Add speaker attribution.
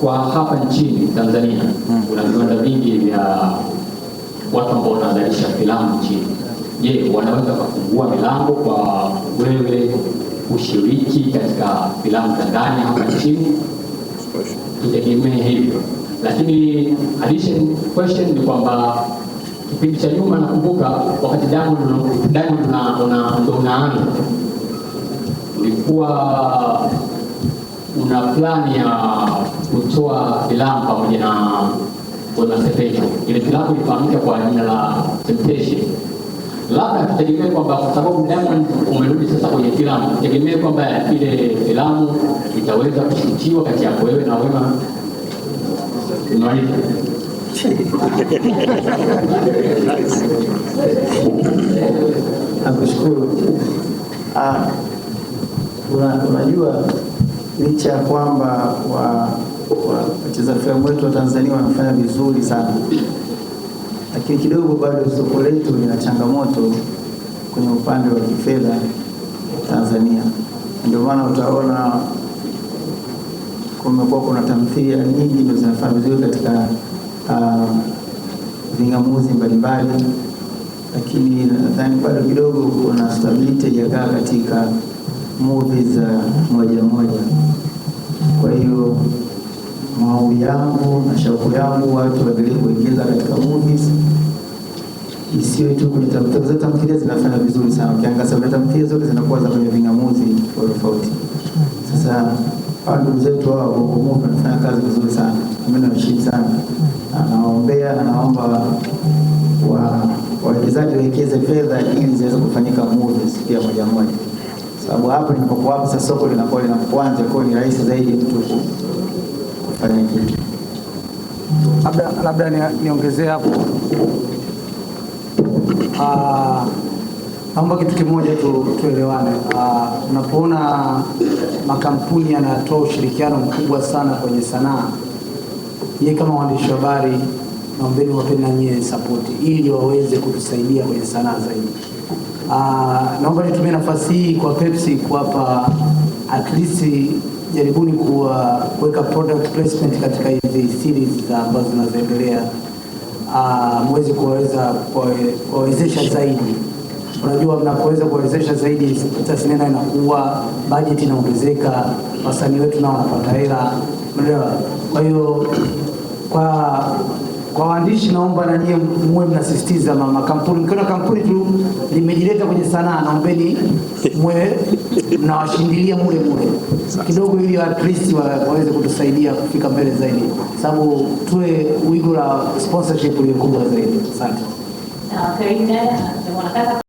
Speaker 1: kwa hapa nchini Tanzania hmm. kuna viwanda vingi vya watu ambao wanazalisha filamu nchini. Je, wanaweza kufungua milango kwa wewe ushiriki katika filamu za ndani hapa nchini? Tutegemee hivyo, lakini addition question ni kwamba kipindi cha nyuma nakumbuka wakati Diamond ndo unaanza ulikuwa una plani ya kutoa filamu pamoja na Bwana Sepetu. Ile filamu ilifahamika kwa jina la Temptation. Labda tutegemee kwamba kwa sababu Diamond umerudi sasa kwenye filamu, tegemee kwamba ile filamu itaweza kushutiwa kati yako wewe na Wema Maliza.
Speaker 2: Nakushukuru. Ah, unajua licha ya kwamba wa wacheza filamu wetu wa Tanzania wanafanya vizuri sana, lakini kidogo bado soko letu lina changamoto kwenye upande wa kifedha Tanzania. Ndio maana utaona kumekuwa kuna tamthilia nyingi ndio zinafanya vizuri katika uh, ving'amuzi mbalimbali, lakini nadhani bado kidogo kuna stability haijakaa katika movie za uh, moja moja, kwa hiyo maombi yangu na shauku yangu watu waendelee kuingiza katika movies isiyo tu kwenye tamthilia. Zote tamthilia zinafanya vizuri sana, ukiangalia sana tamthilia zote zinakuwa za kwenye ving'amuzi kwa tofauti. Sasa hawa ndugu zetu hawa Bongo Movie wanafanya kazi vizuri sana, mimi nawaheshimu sana, anaombea na naomba wa wawekezaji wawekeze fedha ili ziweze kufanyika movies pia moja moja, sababu hapo ninapokuwa hapa sasa soko linakuwa linakuanza, kwa ni rahisi zaidi mtu
Speaker 3: Labda labda niongezee ni hapo, ah, naomba kitu kimoja tu, tuelewane. Ah, unapoona makampuni yanatoa ushirikiano mkubwa sana kwenye sanaa, nyie kama waandishi wa habari, naombeni wapende na sapoti ili waweze kutusaidia kwenye sanaa zaidi. Ah, naomba nitumie nafasi hii kwa Pepsi kuwapa at least jaribuni kuweka product placement katika hizi series ambazo zinazoendelea, ah, mwezi kuwaweza kuwawezesha zaidi. Unajua, mnapoweza kuwawezesha zaidi, tasnia inakuwa, bajeti inaongezeka, wasanii wetu nao wanapata hela, unaelewa. Kwa hiyo kwa kwa waandishi, naomba na nyie muwe mnasisitiza mama kampuni, mkiona kampuni tu limejileta kwenye sanaa, naombeni mwe mnawashindilia mule mule kidogo, ili atlisti wa, waweze kutusaidia kufika mbele zaidi, sababu tuwe wigo la sponsorship ulio kubwa zaidi. Asante.